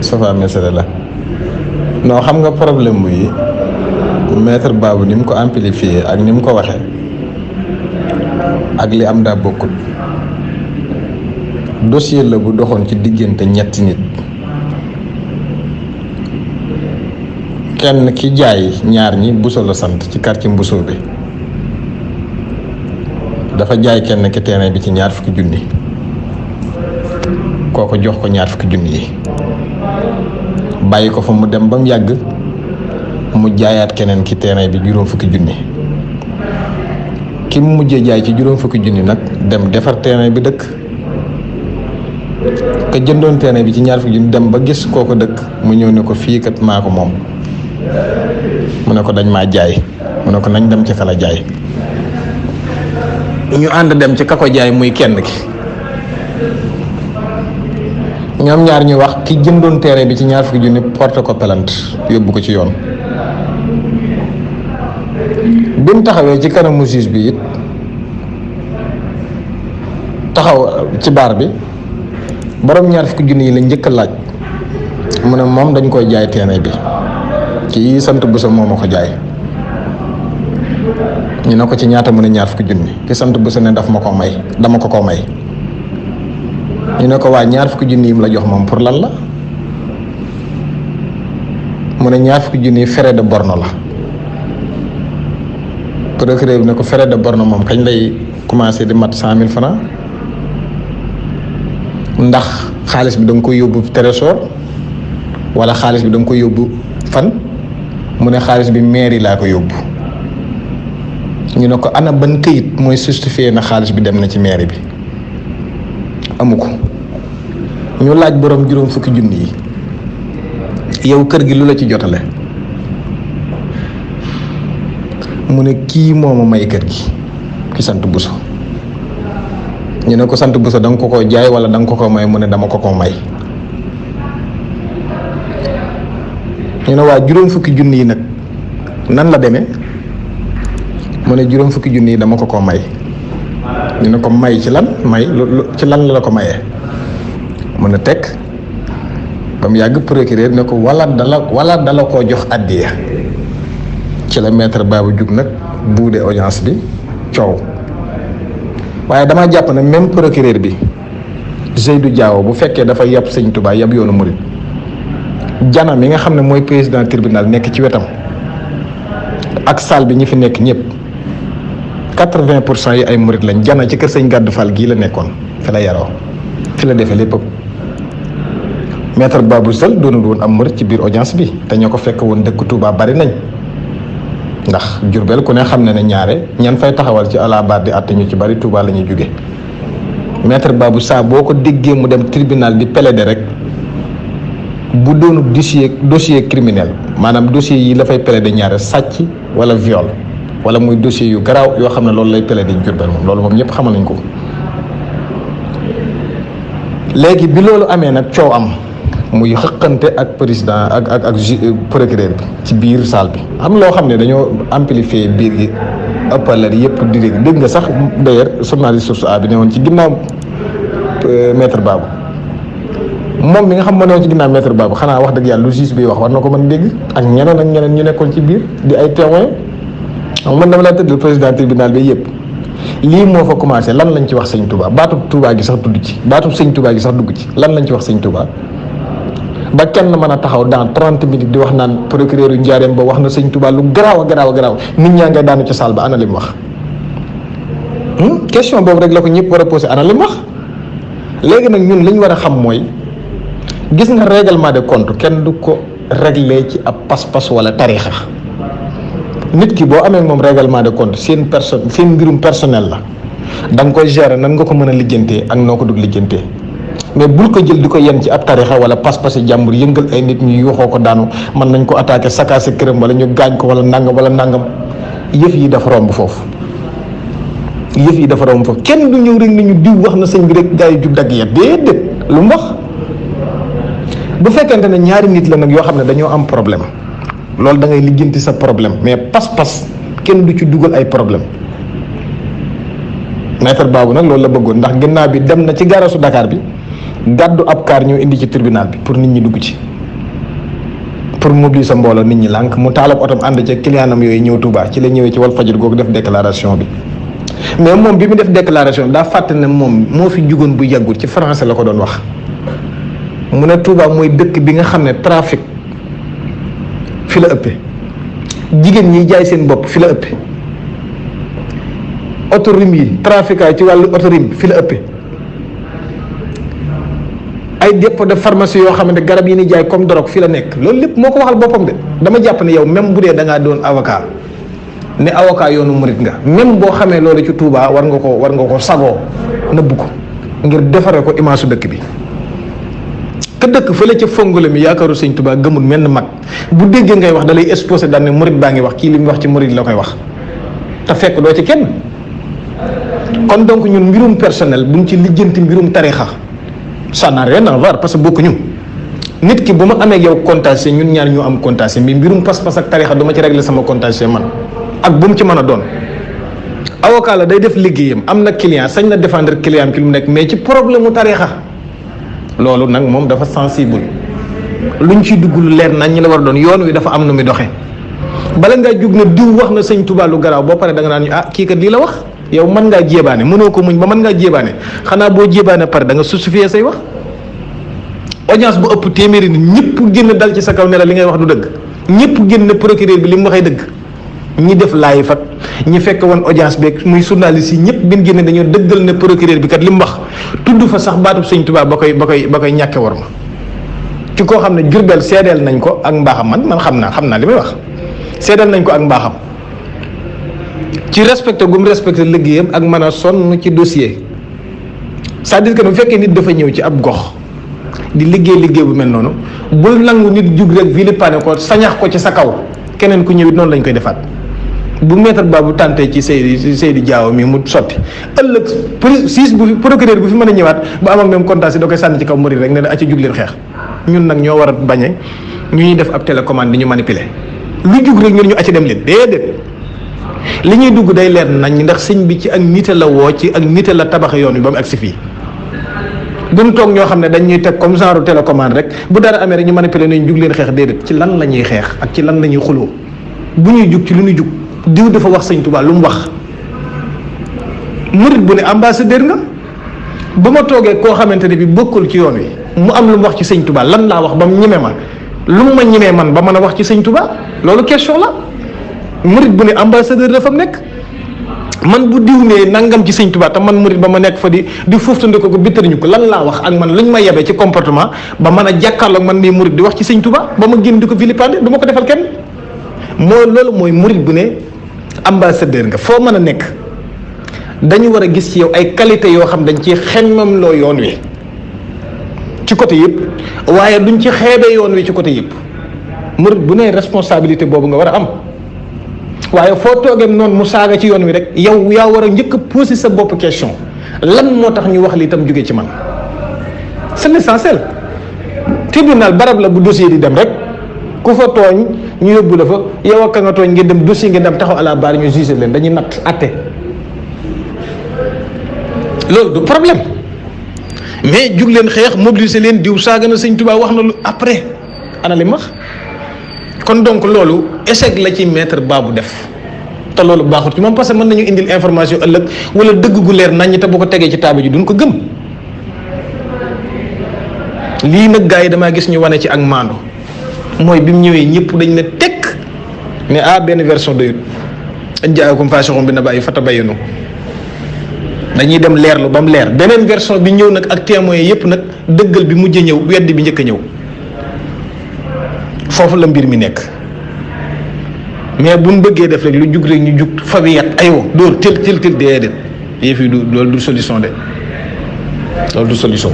Safa Mesere la non xam nga problème bi maître Babou ni mu ko amplifié ak ni mu ko waxee ak li am daa bokkut dossier la bu doxoon ci diggante ñetti nit kenn ki jaay ñaar ñi Bousso la sant ci quartier Bousso bi dafa jaay kenn ki terrain bi ci ñaar fukki junni kooku jox ko ñaar fukki junni yi bàyyi ko fa mu dem ba mu yàgg mu jaayaat keneen ki terrain bi fukki mu jaay ci juróom fukki dem defar terrain bi dëkk ka jëndoon terrain bi ci ñaar fukki dem ba gis kooko dëkk mu ñëw ne ko kat maa ko mu ne ko dañ maa jaay mu ne ko nañ dem ci kala jaay ñu ànd dem ci kako jaay muy kenn ki ñom ñaar ñu wax ki jëndoon téré bi ci ñaar fu jooni porte ko pelante yobbu ko ci yoon bi taxawé ci kanam musis bi it taxaw ci bar bi borom ñaar fu jooni la ñëk laaj mune mom dañ koy jaay bi kii sant bu sa moom ko jaay ñu nako ci ñaata mune ñaar fu jooni ki sant bu sa ne daf mako may dama ko ko may ñu ne ko waa ñaar fukki yi mu la jox moom pour lan la mu ne ñaar fukki junni frais de borne la procureur bi ne ko frais de borne moom kañ lay commencé di mat cent mille francs ndax xaalis bi da nga koy yóbbu trésor wala xaalis bi da nga koy yóbbu fan mu ne xaalis bi mairie laa ko yóbbu ñu ne ko ana ban këyit mooy justifier na xaalis bi dem na ci mairie bi amu ko ñu laaj borom juróom fukki junni yi yow kër gi lu la ci jotale mu ne kii moomu may kër gi ki sant Bousso ñu ne ko sant Bousso da ko ko jaay wala da ko ko may mu ne dama ko ko may ñu ne waa juróom fukki junni yi nag nan la demee mu ne juróom fukki junni yi dama ko ko may ñu ne ko may ci lan may ci lan la la ko mayee mun a teg ba mu yàgg procureur ne ko walla dala wala dala koo jox addiya ci la maître Babou jug nag buude audience bi coow waaye dama jàpp ne même procureur bi du Diaw bu fekkee dafa yab sëñ Touba yab yoonu murit jana mi nga xam ne mooy président tribunal nekk ci wetam ak salle bi ñu fi nekk ñëpp 80 yi ay murit lañ jana ci kër seigne gàdd Fall gi la nekkon fi la yaro fi la defee lépp maître Babou sel am murit ci biir audience bi té ñoko fekk won dekk Touba bari nañ ndax Jurbel ku ne xam ne ne ñaare ñan fay taxawal ci alaabaat di àtte ñu ci bari Touba lañu juggé maître Babou saa boko diggé mu dem tribunal di plaider rek bu doonu dossier dossier criminel manam dossier yi la fay plaider ñaaré wala viol wala muy dossier yu graw yo xamne ne loolu lay pele di Jurbel mom loolu mom ñepp xamal nañ ko légui bi loolu amé nak ciow am muy xëqante ak président ak ak ak euh, procureur bi ci biir salle bi am lo xamne dañoo amplifier biir gi ëppalal yépp di dégg dégg nga sax d'ailleurs journaliste source a bi néwon ci ginnaw euh, maître babu mom mi nga xam mo ne ci ginnaw maître babu xana wax dëgg yàlla lu juge bi wax war na ko mën dégg ak ñeneen ak ñeneen ñu nekkoon ci biir di ay témoin donc man dama laa tëddal président tribunal bi yëpp lii moo fa commencé lan lañ ci wax sëñ Touba baatub Touba gi sax tudd ci baatub sëñ Touba gi sax dugg ci lan lañ ci wax sëñ Touba ba kenn mën a taxaw daan trente minutes di wax naan procureur yu njaareem ba wax na sëñ Touba lu garaaw a garaaw a nit ñaa nga daanu ca saal ba ana wax. Hmm? question boobu rek la ko ñëpp war a posé ana lim wax léegi nag ñun lañ war a xam mooy gis nga règlement de compte kenn du ko réglé ci ab pas-pas wala tariixa nit ki bo amé mom règlement de compte seen personne seen mbirum personnel la dang koy gérer nan nga ko mëna lijeenté ak noko dug lijeenté mais bul ko jël diko yenn ci ab tarixa wala pas-pasi jambour yëngal ay nit ñu yu xoko daanu man nañ ko attaqué sakaase kërëm wala ñu gañ ko wala nang wala nangam yëf yi dafa romb fofu yëf yi dafa romb fofu kenn du ñëw rek ni ñu diw wax na sëñ bi rek gaay jub dagg ya lu mbax bu fekkante ne ñaari nit la nak yo xamne dañoo am problème lol da ngay lijjanti sa problème mais pas-pas kenn du ci duggal ay problème maître babu nak lol la bëggoon ndax ginnaaw bi dem na ci garasu Dakar bi gaddu ab car ñu indi ci tribunal bi pour nit ñi dugg ci pour mobiliser mbolo nit ñi lank mu talab otom and ci clientam yoy ñew Touba ci la ñewé ci wal fajir gog def déclaration bi mais mom bi mu def déclaration Da faté né mom mo fi jugon bu yagul ci français la ko doon wax mu ne Touba moy dëkk bi nga xamné trafic fi la ëppee jigéen ñi jaay seen bopp fi la ëpp autorime yi trafiquant ci wàllu autorime fi la ëppee ay dépôt de pharmacie yoo ne garab yi ni jaay comme drogue fi la nekk loolu lépp moo ko waxal boppam de dama jàpp ne yow même bu dee da doon avocat ne avocat yoonu murit nga même boo xamee loolu ci tuubaa war nga ko war nga ko sagoo nëbbu ko ngir defaree ko image su dëkk bi. ka dëkk fële ca fongole mi yaakaaru sëñ Tuubaa gëmul menn mag bu déggee ngay wax da lay exposé daan ne murit baa ngi wax kii li mu wax ci murit la koy wax te fekk doo ci kenn kon donc ñun mbirum personnel mu ci lijjanti mbirum tarixa ça n'a rien à voir parce que bokkuñu nit ki bu ma amee yow contentieux ñun ñaar ñoo am contentieux mais mbirum pas-pas ak tarixa du ma ci régler sama contentieux man ak bu mu ci man a doon avocat la day def liggéeyam am na client sañ na défendre client ki mu nekk mais ci problème mu tarixa loolu nag moom dafa sensible luñ ci dugg lu leer nañ ñi la war doon yoonu wi dafa am na muy doxe bala ngaa jug na diw wax na sañ tubaalu lu boo paree da nga naan ah kii kat lii la wax yow mën ngaa jéebaane mënoo ko muñ ba mën ngaa jéebaane xanaa boo jéebaane pare da nga justifier say wax audience bu ëpp téeméeri nit ñëpp génn dal ci sa kaw ne li ngay wax du dëgg ñëpp génn procureur bi li mu waxee dëgg. ñi def laay fat ñi fekkee woon audience beeg muy journaliste yi ñëpp bin génne dañoo dëggal ne procureur bi kat li mu wax tudd fa sax baatub sëñ Tuubaa ba koy ba koy ba koy ñàkke war ma ci koo xam ne Jurbel seedeel nañ ko ak mbaaxam man man xam naa xam naa li may wax seedeel nañ ko ak mbaaxam ci respecté gum respecté liggéeyam ak mën a sonn ci dossier c'est-à-dire bu fekkee nit dafa ñëw ci ab gox di liggéey liggéey bu mel noonu bul nangu nit jug rek vilipane ko sañax ko ci sa kaw keneen ku ñëwit noonu lañ koy defaat bu maître ba bu tàntee ci Seydou Seydou Diaw mi mu sotti ëllëg siis bu fi procureur bu fi mën a ñëwaat bu am meem ñoom contact si da koy sànni ci kaw Mouride rek ne da acca jug leen xeex ñun nag ñoo war a bañe ñu ñuy def ab télécommande di ñu manipuler lu jug rek ñun ñu acca dem leen déedéet li ñuy dugg day leer nañ ndax sëñ bi ci ak nite la woo ci ak nite la tabax yoon wi ba mu agsi fii duñ toog ñoo xam ne dañ ñuy teg comme genre télécommande rek bu dara amee rek ñu manipuler nañ jug leen xeex déedéet ci la ñuy xeex ak ci lan la ñuy xuloo bu ñuy jug ci lu ñuy jug diw dafa wax seigne Touba lum wax murid bu ne ambassadeur nga bama toge ko xamanteni bi bokul ci yoon wi mu am lum wax ci seigne Touba lan la wax bam ñime ma lum ma ñimee man ba mëna wax ci seigne Touba lolu question la murid bu ne ambassadeur dafa nek man bu diw ne nangam ci seigne Touba ta man murid bama nek fa di di fuftu ko ko bitter ñuko lan la wax ak man luñ ma yebee ci comportement ba mëna a ak man mii murid di wax ci seigne Touba bama gën diko vilipande ko defal kenn moy murid bu ne ambassadeur nga foo mën a nekk dañu war a gis ci yow ay qualité yoo xam dañ ci xemmam loo yoon wi ci côté yëpp waaye duñ ci xeebee yoon wi ci côté yëpp murid bu nee responsabilité boobu nga war a am waaye foo toogee noonu mu saaga ci yoon wi rek yow yaa war a njëkk a posé sa bopp question lan moo tax ñu wax li itam jóge ci man c'est l'essentiel tribunal barab la bu dossier di dem rek ku fa tooñ ñu yóbbu la fa yow ak ka nga tooñ ngeen dem dossier ngeen dem taxaw à la barre ñu jugé leen dañuy natt atte loolu du problème mais jug leen xeex mobiliser leen diw saaga na sëñ Tuubaa wax na lu après ana li wax kon donc loolu échec la ci maître Babou def te loolu baaxut ci moom parce que mën nañu indil information ëllëg wala dëgg gu leer naññ te bu ko tegee ci taabu ji duñ ko gëm lii nag gaa yi damaa gis ñu wane ci ak maandu mooy bi mu ñëwee ñëpp dañ ne tekk mais ah benn version doyut an jaakum faasiqun bi naba'in fatabayyanu dañuy dem leer leerlu ba mu leer beneen version bi ñëw nag ak témoins yëpp nag dëggal bi mujj ñëw weddi bi njëkk a ñëw foofu la mbir mi nekk mais buñ bëggee def rek lu jug rek ñu jug fa bi yat aywa dóor tël tël tël déedéet yëf yi du loolu du solution de loolu du solution.